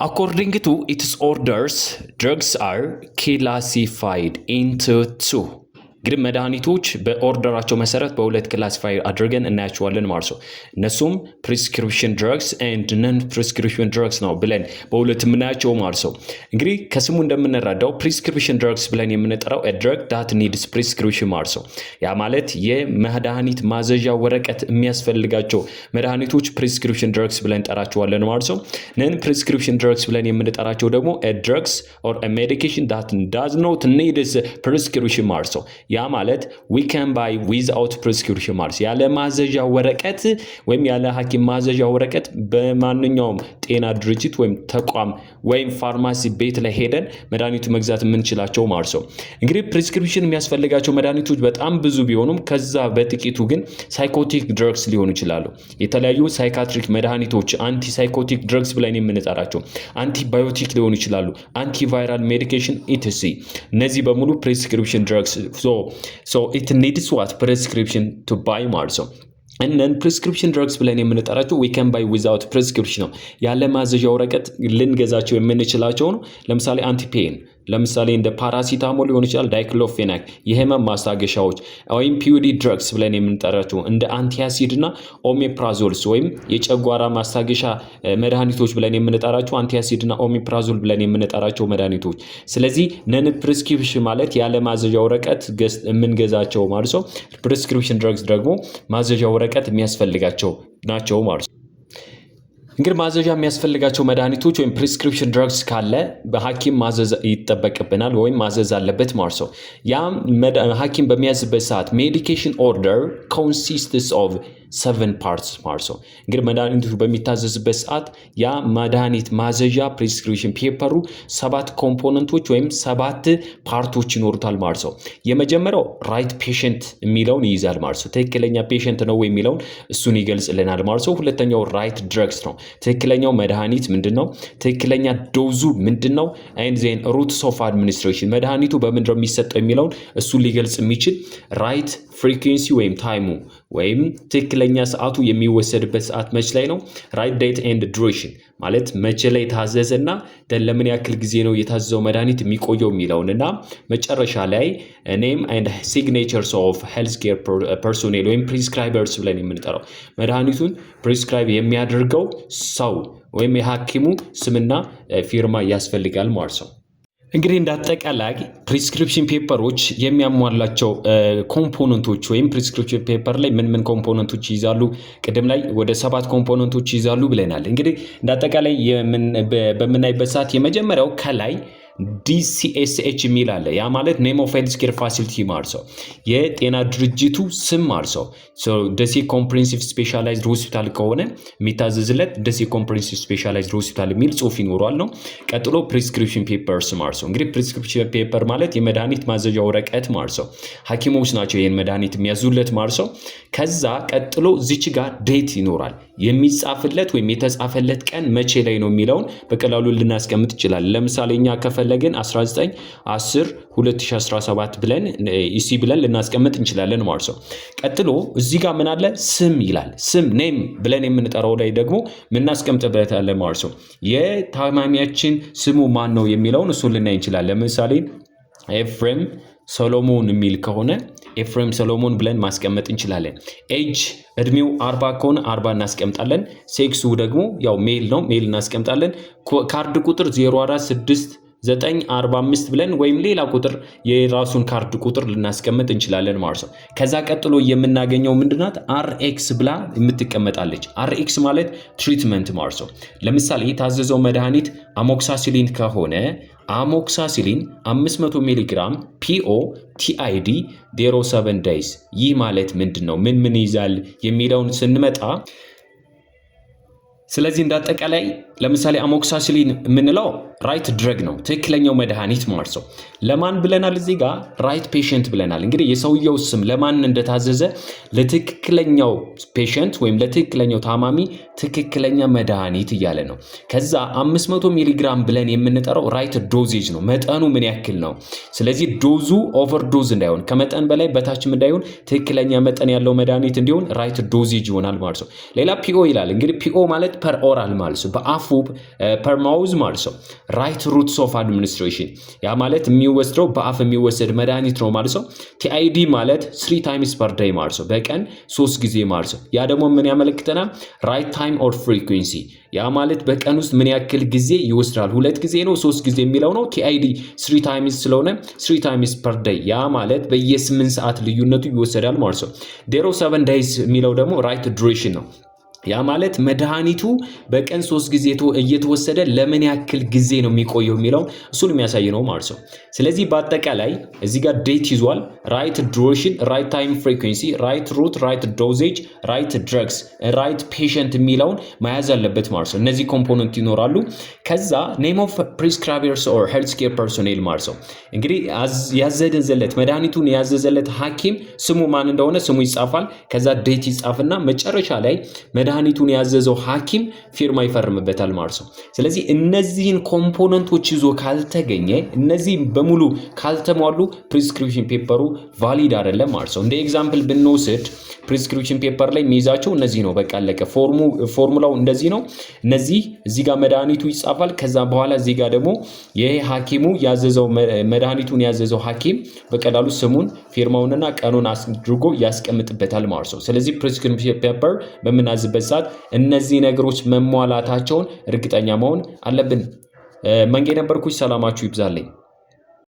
According to its orders, drugs are classified into two. እንግዲህ መድኃኒቶች በኦርደራቸው መሰረት በሁለት ክላሲፋይ አድርገን እናያቸዋለን ማለት ነው። እነሱም ፕሪስክሪፕሽን ድረግስ ኤንድ ነን ፕሪስክሪፕሽን ድረግስ ነው ብለን በሁለት የምናያቸው ማለት ነው። እንግዲህ ከስሙ እንደምንረዳው ፕሪስክሪፕሽን ድረግስ ብለን የምንጠራው ድረግ ዳት ኒድስ ፕሪስክሪፕሽን ማለት ነው። ያ ማለት የመድኃኒት ማዘዣ ወረቀት የሚያስፈልጋቸው መድኃኒቶች ፕሪስክሪፕሽን ድረግስ ብለን እንጠራቸዋለን ማለት ነው። ነን ፕሪስክሪፕሽን ድረግስ ብለን የምንጠራቸው ደግሞ ድረግስ ኦር ሜዲኬሽን ዳት ዳዝ ኖት ኒድስ ፕሪስክሪፕሽን ማለት ነው። ያ ማለት ዊ ካን ባይ ዊዝአውት ፕሪስክሪፕሽን ማለት ያለ ማዘዣ ወረቀት ወይም ያለ ሐኪም ማዘዣ ወረቀት በማንኛውም ጤና ድርጅት ወይም ተቋም ወይም ፋርማሲ ቤት ላይ ሄደን መድኃኒቱ መግዛት የምንችላቸው ማለት ነው። እንግዲህ ፕሪስክሪፕሽን የሚያስፈልጋቸው መድኃኒቶች በጣም ብዙ ቢሆኑም ከዛ በጥቂቱ ግን ሳይኮቲክ ድረግስ ሊሆኑ ይችላሉ። የተለያዩ ሳይካትሪክ መድኃኒቶች አንቲ ድረግስ ብለን የምንጠራቸው አንቲባዮቲክ ሊሆኑ ይችላሉ፣ አንቲቫይራል ሜዲኬሽን ኢትሲ እነዚህ በሙሉ ፕሪስክሪፕሽን ድረግስ ሶ ኢት ኒድስ ዋት ፕሬስክሪፕሽን ቱ ባይ ማለት ነው። እነን ፕሪስክሪፕሽን ድረግስ ብለን የምንጠራቸው ዊከን ባይ ዊዛውት ፕሪስክሪፕሽን ነው። ያለ ማዘዣ ወረቀት ልንገዛቸው የምንችላቸው ነው። ለምሳሌ አንቲፔን ለምሳሌ እንደ ፓራሲታሞ ሊሆን ይችላል፣ ዳይክሎፌናክ የህመም ማስታገሻዎች ወይም ፒዩዲ ድረግስ ብለን የምንጠራቸው እንደ አንቲያሲድ እና ኦሜፕራዞልስ ወይም የጨጓራ ማስታገሻ መድኃኒቶች ብለን የምንጠራቸው አንቲያሲድ እና ኦሜፕራዞል ብለን የምንጠራቸው መድኃኒቶች። ስለዚህ ነን ፕሪስክሪፕሽን ማለት ያለ ማዘዣ ወረቀት የምንገዛቸው ማለት ነው። ፕሪስክሪፕሽን ድረግስ ደግሞ ማዘዣ ወረቀት የሚያስፈልጋቸው ናቸው ማለት እንግዲህ ማዘዣ የሚያስፈልጋቸው መድኃኒቶች ወይም ፕሪስክሪፕሽን ድረግስ ካለ በሐኪም ማዘዝ ይጠበቅብናል ወይም ማዘዝ አለበት ማለት ነው። ያም ሐኪም በሚያዝበት ሰዓት ሜዲኬሽን ኦርደር ኮንሲስትስ ኦፍ ሰቨን ፓርትስ ማርሶ እንግዲህ መድኃኒቱ በሚታዘዝበት ሰዓት ያ መድኃኒት ማዘዣ ፕሪስክሪፕሽን ፔፐሩ ሰባት ኮምፖነንቶች ወይም ሰባት ፓርቶች ይኖሩታል ማለት የመጀመሪያው ራይት ፔሽንት የሚለውን ይይዛል ማለት ትክክለኛ ፔሽንት ነው የሚለውን እሱን ይገልጽልናል ማለት ነው። ሁለተኛው ራይት ድረግስ ነው። ትክክለኛው መድኃኒት ምንድን ነው? ትክክለኛ ዶዙ ምንድን ነው? ኤንድ ዜን ሩትስ ኦፍ አድሚኒስትሬሽን መድኃኒቱ በምንድነው የሚሰጠው የሚለውን እሱን ሊገልጽ የሚችል ራይት ፍሪኩንሲ ወይም ታይሙ ወይም ትክክለኛ ሰዓቱ የሚወሰድበት ሰዓት መች ላይ ነው? ራይት ዴት ኤንድ ዱሬሽን ማለት መቼ ላይ ታዘዘ እና ለምን ያክል ጊዜ ነው የታዘዘው መድኃኒት የሚቆየው የሚለውን እና መጨረሻ ላይ ኔም ኤንድ ሲግኔቸርስ ኦፍ ሄልዝ ኬር ፐርሶኔል ወይም ፕሪስክራይበርስ ብለን የምንጠራው መድኃኒቱን ፕሪስክራይብ የሚያደርገው ሰው ወይም የሐኪሙ ስምና ፊርማ ያስፈልጋል ማለት ነው። እንግዲህ እንዳጠቃላይ ፕሪስክሪፕሽን ፔፐሮች የሚያሟላቸው ኮምፖነንቶች ወይም ፕሪስክሪፕሽን ፔፐር ላይ ምን ምን ኮምፖነንቶች ይይዛሉ? ቅድም ላይ ወደ ሰባት ኮምፖነንቶች ይይዛሉ ብለናል። እንግዲህ እንዳጠቃላይ በምናይበት ሰዓት የመጀመሪያው ከላይ ዲሲኤስኤች የሚል አለ። ያ ማለት ኔም ኦፍ ሄልስ ኬር ፋሲሊቲ ማርሶ የጤና ድርጅቱ ስም ማርሰው ደሴ ኮምፕሬንሲቭ ስፔሻላይዝድ ሆስፒታል ከሆነ የሚታዘዝለት ደሴ ኮምፕሬንሲቭ ስፔሻላይዝድ ሆስፒታል የሚል ጽሁፍ ይኖሯል ነው። ቀጥሎ ፕሪስክሪፕሽን ፔፐርስ ማርሶ እንግዲህ ፕሪስክሪፕሽን ፔፐር ማለት የመድኃኒት ማዘዣ ወረቀት ማርሶ ሐኪሞች ናቸው ይህን መድኃኒት የሚያዙለት ማርሶ። ከዛ ቀጥሎ ዚች ጋር ዴት ይኖራል የሚጻፍለት ወይም የተጻፈለት ቀን መቼ ላይ ነው የሚለውን በቀላሉ ልናስቀምጥ ይችላል። ለምሳሌ እኛ ከፈለግን 19 10 2017 ብለን ኢሲ ብለን ልናስቀምጥ እንችላለን ማለት ነው። ቀጥሎ እዚህ ጋር ምን አለ? ስም ይላል። ስም ኔም ብለን የምንጠራው ላይ ደግሞ ምናስቀምጥበታለን ማለት ነው። የታማሚያችን ስሙ ማን ነው የሚለውን እሱን ልናይ እንችላለን። ለምሳሌ ኤፍሬም ሰሎሞን የሚል ከሆነ ኤፍሬም ሰሎሞን ብለን ማስቀመጥ እንችላለን። ኤጅ እድሜው አርባ ከሆነ አርባ እናስቀምጣለን። ሴክሱ ደግሞ ያው ሜል ነው ሜል እናስቀምጣለን። ካርድ ቁጥር 046 945 ብለን ወይም ሌላ ቁጥር የራሱን ካርድ ቁጥር ልናስቀምጥ እንችላለን ማለት ነው። ከዛ ቀጥሎ የምናገኘው ምንድናት? አርኤክስ ብላ የምትቀመጣለች። አርኤክስ ማለት ትሪትመንት ማለት ነው። ለምሳሌ የታዘዘው መድኃኒት አሞክሳሲሊን ከሆነ አሞክሳሲሊን 500 ሚሊግራም ፒኦ ቲአይዲ 07 ዳይስ። ይህ ማለት ምንድን ነው? ምን ምን ይዛል የሚለውን ስንመጣ ስለዚህ እንዳጠቃላይ ለምሳሌ አሞክሳሲሊን የምንለው ራይት ድረግ ነው፣ ትክክለኛው መድኃኒት ማለት ነው። ለማን ብለናል? እዚህ ጋር ራይት ፔሽንት ብለናል። እንግዲህ የሰውየው ስም ለማን እንደታዘዘ ለትክክለኛው ፔሽንት ወይም ለትክክለኛው ታማሚ ትክክለኛ መድኃኒት እያለ ነው። ከዛ 500 ሚሊግራም ብለን የምንጠራው ራይት ዶዜጅ ነው፣ መጠኑ ምን ያክል ነው። ስለዚህ ዶዙ ኦቨርዶዝ እንዳይሆን፣ ከመጠን በላይ በታችም እንዳይሆን፣ ትክክለኛ መጠን ያለው መድኃኒት እንዲሆን ራይት ዶዜጅ ይሆናል ማለት ነው። ሌላ ፒኦ ይላል። እንግዲህ ፒኦ ማለት ፐር ኦራል ማለት ነው በአፍ kub ፐርማውዝ ማለት ነው። ራይት ሩትስ ኦፍ አድሚኒስትሬሽን ያ ማለት የሚወስደው በአፍ የሚወሰድ መድኃኒት ነው ማለት ነው። ቲአይዲ ማለት ስሪ ታይምስ ፐር ዴይ ማለት ነው። በቀን ሶስት ጊዜ ማለት ነው። ያ ደግሞ ምን ያመለክተናል? ራይት ታይም ኦር ፍሪኩንሲ ያ ማለት በቀን ውስጥ ምን ያክል ጊዜ ይወስዳል? ሁለት ጊዜ ነው ሶስት ጊዜ የሚለው ነው። ቲአይዲ ስሪ ታይምስ ስለሆነ ስሪ ታይምስ ፐር ዴይ ያ ማለት በየስምንት ሰዓት ልዩነቱ ይወሰዳል ማለት ነው። ዴሮ ሰቨን ዳይስ የሚለው ደግሞ ራይት ዱሬሽን ነው። ያ ማለት መድኃኒቱ በቀን ሶስት ጊዜ እየተወሰደ ለምን ያክል ጊዜ ነው የሚቆየው የሚለው እሱን የሚያሳይ ነው ማለት ነው። ስለዚህ በአጠቃላይ እዚህ ጋር ዴት ይዟል። ራይት ዱሬሽን፣ ራይት ታይም ፍሪኩንሲ፣ ራይት ሩት፣ ራይት ዶዜጅ፣ ራይት ድረግስ፣ ራይት ፔሽንት የሚለውን መያዝ አለበት ማለት ነው። እነዚህ ኮምፖነንት ይኖራሉ። ከዛ ኔም ኦፍ ፕሪስክራይበርስ ኦር ሄልት ኬር ፐርሶኔል ማለት ነው። እንግዲህ ያዘዘለት መድኃኒቱን ያዘዘለት ሐኪም ስሙ ማን እንደሆነ ስሙ ይጻፋል። ከዛ ዴት ይጻፍና መጨረሻ ላይ መድኃኒቱን ያዘዘው ሐኪም ፊርማ ይፈርምበታል ማለት ነው። ስለዚህ እነዚህን ኮምፖነንቶች ይዞ ካልተገኘ፣ እነዚህ በሙሉ ካልተሟሉ ፕሪስክሪፕሽን ፔፐሩ ቫሊድ አይደለም ማለት ነው። እንደ ኤግዛምፕል ብንወስድ ፕሪስክሪፕሽን ፔፐር ላይ የሚይዛቸው እነዚህ ነው። በቃ አለቀ። ፎርሙላው እንደዚህ ነው። እነዚህ እዚህ ጋር መድኃኒቱ ይጻፋል። ከዛ በኋላ እዚህ ጋር ደግሞ ይሄ ሐኪሙ ያዘዘው መድኃኒቱን ያዘዘው ሐኪም በቀላሉ ስሙን ፊርማውንና ቀኑን አድርጎ ያስቀምጥበታል ማለት ነው። ስለዚህ ፕሪስክሪፕሽን ፔፐር በምናዝበት በምንልበት ሰዓት እነዚህ ነገሮች መሟላታቸውን እርግጠኛ መሆን አለብን። መንጌ ነበርኩች። ሰላማችሁ ይብዛልኝ።